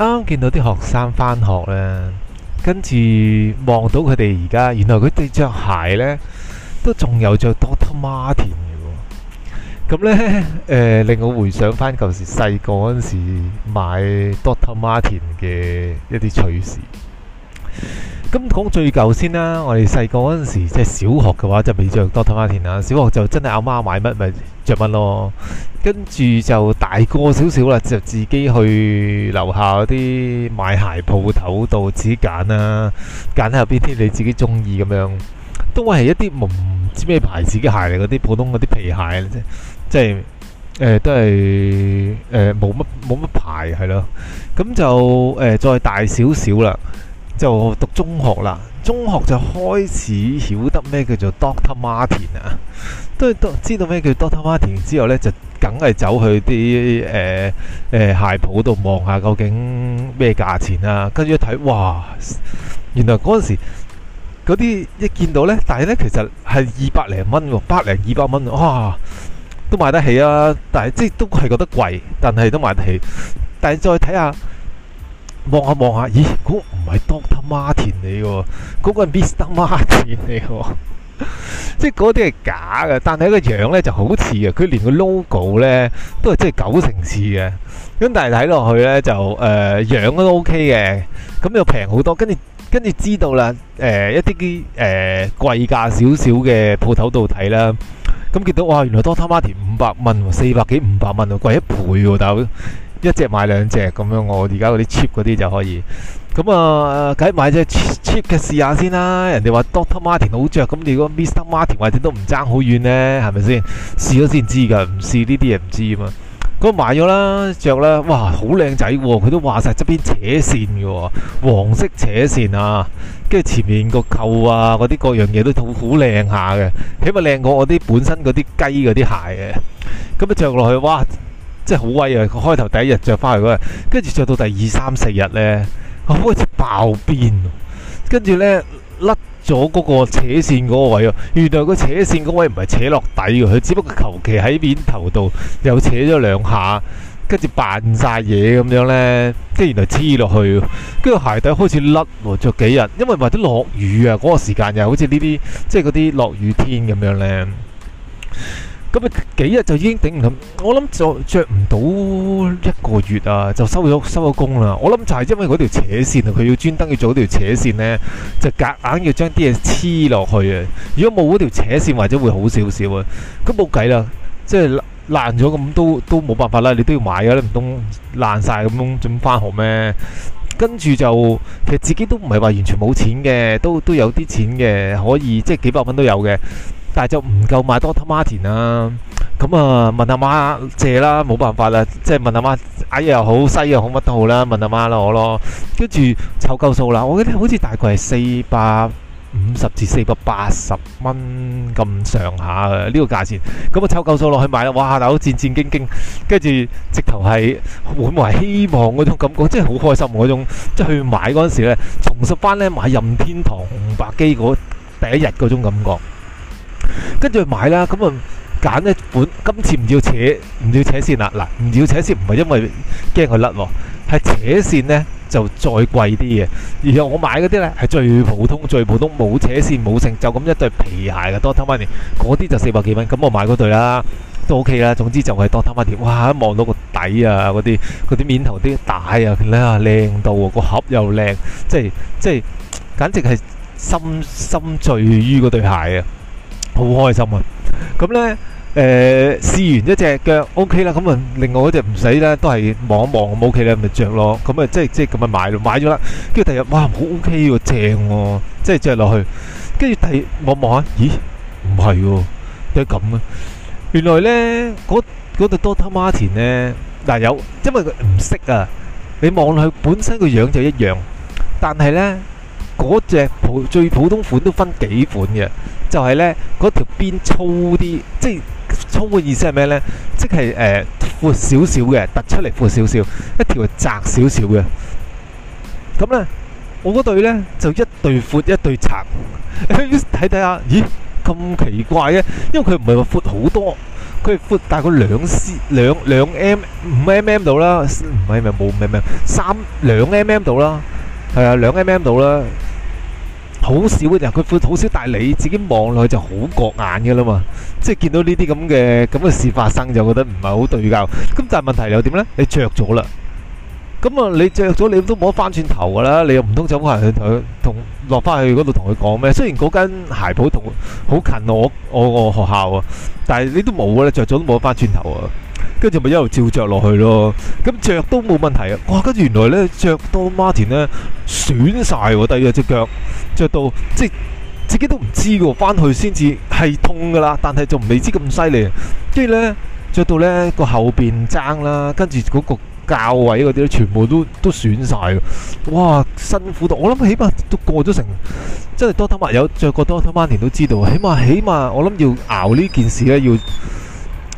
啱啱見到啲學生返學呢，跟住望到佢哋而家，原來佢哋著鞋呢，都仲有着 Doctor Marten 嘅喎、哦，咁呢、呃，令我回想翻舊時細個嗰陣時買 Doctor Marten 嘅一啲趣事。咁講最舊先啦，我哋細個嗰陣時，即係小學嘅話，就未着多特瑪田啦。小學就真係阿媽買乜咪着乜咯，跟住就大個少少啦，就自己去樓下嗰啲買鞋鋪頭度自己揀啦，揀下邊啲你自己中意咁樣，都係一啲唔知咩牌子嘅鞋嚟，嗰啲普通嗰啲皮鞋啫，即係誒都係誒冇乜冇乜牌係咯，咁就誒再大少少啦。就讀中學啦，中學就開始曉得咩叫做 Doctor Martin 啊，都都知道咩叫 Doctor Martin 之後呢就梗係走去啲誒誒鞋鋪度望下究竟咩價錢啊，跟住一睇，哇，原來嗰陣時嗰啲一見到呢，但係呢其實係二百零蚊，百零二百蚊，哇，都買得起啊，但係即係都係覺得貴，但係都買得起，但係再睇下。望下望下，咦？嗰、那、唔、個、係 Doctor Martin 嚟嘅，嗰、那個係 Mr Martin 嚟嘅，即係嗰啲係假嘅。但係個樣咧就好似嘅，佢連個 logo 咧都係即係九成似嘅。咁但係睇落去咧就誒、呃、樣都 OK 嘅，咁又平好多。跟住跟住知道啦，誒、呃、一啲啲誒貴價少少嘅鋪頭度睇啦，咁、呃、見到哇，原來 Doctor Martin 五百蚊，四百幾五百蚊啊，貴一倍喎大佬。但一隻買兩隻咁樣，我而家嗰啲 cheap 嗰啲就可以。咁啊，梗買隻 cheap 嘅試下先啦。人哋話 Doctor Martin 好着，咁你講 Mr Martin 或者都唔爭好遠呢，係咪先？試咗先知㗎，唔試呢啲嘢唔知啊嘛。咁買咗啦，着啦，哇，好靚仔喎！佢都話晒側邊扯線嘅喎，黃色扯線啊，跟住前面個扣啊，嗰啲各樣嘢都好好靚下嘅，起碼靚過我啲本身嗰啲雞嗰啲鞋嘅。咁啊，着落去，哇！即係好威啊！佢開頭第一日着翻去嗰日，跟住着到第二三四日呢，開始爆邊，跟住呢，甩咗嗰個扯線嗰個位。原來個扯線嗰位唔係扯落底嘅，佢只不過求其喺面頭度又扯咗兩下，跟住扮晒嘢咁樣呢，跟住原來黐落去，跟住鞋底開始甩，着幾日，因為話啲落雨啊，嗰個時間又好似呢啲，即係嗰啲落雨天咁樣呢。咁啊，幾日就已經頂唔到。我諗着着唔到一個月啊，就收咗收咗工啦。我諗就係因為嗰條扯線啊，佢要專登要做條扯線呢，就夾硬要將啲嘢黐落去啊。如果冇嗰條扯線，或者會好少少啊。咁冇計啦，即係爛咗咁都都冇辦法啦。你都要買啊，你唔通爛晒咁樣，點翻學咩？跟住就其實自己都唔係話完全冇錢嘅，都都有啲錢嘅，可以即係幾百蚊都有嘅。但就唔夠買 Dr. Martin 啊，咁啊問阿媽借啦，冇辦法啦，即係問阿媽，媽，矮、哎、又好，好，好，西又好，乜都好啦，問阿媽攞咯，跟住湊夠數啦，我覺得好似大概係四百五十至四百八十蚊咁上下嘅呢個價錢，咁啊湊夠數落去買啦，哇！大佬戰戰兢兢，跟住直頭係滿懷希望嗰種感覺，即係好開心嗰種，即係去買嗰陣時咧，重拾翻咧買任天堂紅白機嗰第一日嗰種感覺。跟住買啦，咁啊揀一本。今次唔要扯唔要扯線啦。嗱，唔要扯線唔係因為驚佢甩，係扯線咧就再貴啲嘅。然後我買嗰啲咧係最普通最普通，冇扯線冇繩，就咁一對皮鞋嘅多特馬尼嗰啲就四百幾蚊。咁我買嗰對啦都 OK 啦。總之就係多特馬尼哇，一望到個底啊，嗰啲嗰啲面頭啲帶啊，靚啊靚到個盒又靚，即係即係簡直係深深醉於嗰對鞋啊！好開心啊！咁咧，誒，試完一隻腳 OK 啦，咁啊，另外嗰隻唔使啦，都係望一望，冇 OK 咧，咪着咯。咁啊，即係即係咁啊，買咯，買咗啦。跟住第二日，哇，好 OK 喎，正喎，即係着落去。跟住第二日望望下，咦，唔係喎，都係咁啊。原來咧，嗰嗰對 Dr. Martin 咧，嗱有，因為佢唔識啊。你望落去，本身個樣就一樣，但係咧。嗰隻普最普通款都分幾款嘅，就係咧嗰條邊粗啲，即係粗嘅意思係咩咧？即係誒闊少少嘅突出嚟，闊少少一條係窄少少嘅。咁咧，我嗰對咧就一對闊一對窄。睇睇下，咦咁奇怪嘅？因為佢唔係話闊好多，佢係闊大概兩絲兩兩 M 五 M M 度啦，唔係咪冇五 M M 三兩 M M 度啦，係啊兩 M M 度啦。好少人，佢會好少帶你自己望落去就好覺眼㗎啦嘛，即係見到呢啲咁嘅咁嘅事發生就覺得唔係好對較。咁但係問題又點呢？你着咗啦，咁啊你着咗你都冇得翻轉頭噶啦，你又唔通走翻去同落翻去嗰度同佢講咩？雖然嗰間鞋鋪同好近我我個學校啊，但係你都冇啊，你着咗都冇得翻轉頭啊！跟住咪一路照着落去咯，咁着都冇問題啊！哇，跟住原來咧着到 Martin 咧損晒喎，第二隻腳着到即係自己都唔知喎，翻去先至係痛噶啦。但係仲未知咁犀利，跟住咧着到咧個後邊踭啦，跟住嗰個膠位嗰啲全部都都損晒喎！哇，辛苦到我諗起碼都過咗成，真係多坦麥有着過多 Martin 都知道，起碼起碼我諗要熬呢件事咧要。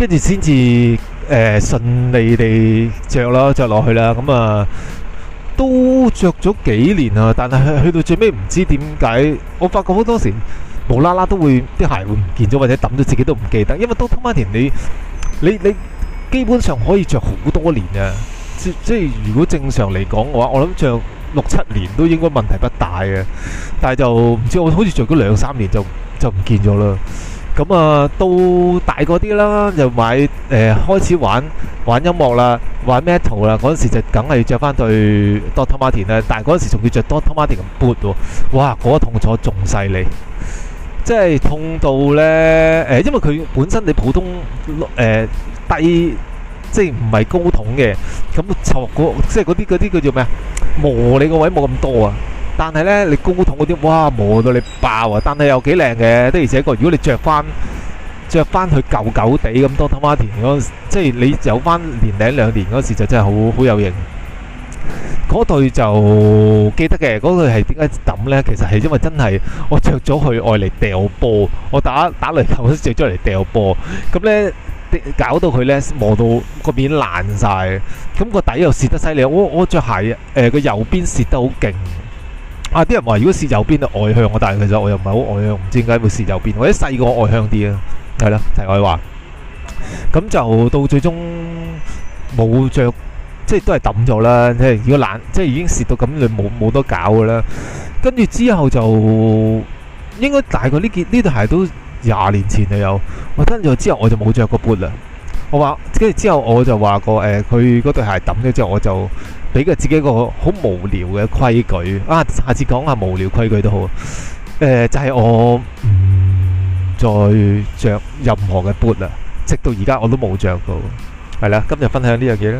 跟住先至誒順利地著咯，著落去啦。咁啊，都著咗幾年啊，但係去到最尾唔知點解，我發覺好多時無啦啦都會啲鞋會唔見咗，或者揼咗自己都唔記得。因為 Doctor Marten 你你你基本上可以著好多年啊，即即係如果正常嚟講嘅話，我諗著六七年都應該問題不大嘅。但係就唔知我好似著咗兩三年就就唔見咗啦。咁啊，到大個啲啦，又買誒開始玩玩音樂啦，玩 metal 啦。嗰陣時就梗係着返對多特馬田啦，但係嗰陣時仲要着多特馬田咁 boot 喎。哇，嗰個痛楚仲犀利，即係痛到咧誒，因為佢本身你普通誒低，即係唔係高筒嘅，咁坐嗰即係嗰啲嗰啲叫做咩啊，磨你個位冇咁多啊。但係咧，你高筒嗰啲，哇，磨到你爆啊！但係又幾靚嘅，的而且確。如果你着翻着翻，佢舊舊地咁，當 party 嗰即係你有翻年零兩年嗰時，就真係好好有型。嗰對就記得嘅，嗰對係點解抌咧？其實係因為真係我着咗去外嚟掉波，我打打籃球着咗嚟掉波咁咧，搞到佢咧磨到個面爛晒，咁個底又蝕得犀利。我我着鞋誒，個右邊蝕得好勁。啊！啲人話如果蝕右邊就外向，但係其實我又唔係好外向，唔知點解會蝕右邊。或者細個外向啲啊，係啦，題外話。咁就到最終冇着，即係都係抌咗啦。即係如果爛，即係已經蝕到咁，你冇冇得搞噶啦。跟住之後就應該大概呢件呢對鞋都廿年前就有，我跟住之後我就冇着過 boot 啦。我話跟住之後我就話過誒，佢嗰對鞋抌咗之後，我就俾佢自己一個好無聊嘅規矩啊。下次講下無聊規矩都好誒、呃，就係、是、我唔再着任何嘅 boot 啊，直到而家我都冇着過。係啦，今日分享呢樣嘢啦。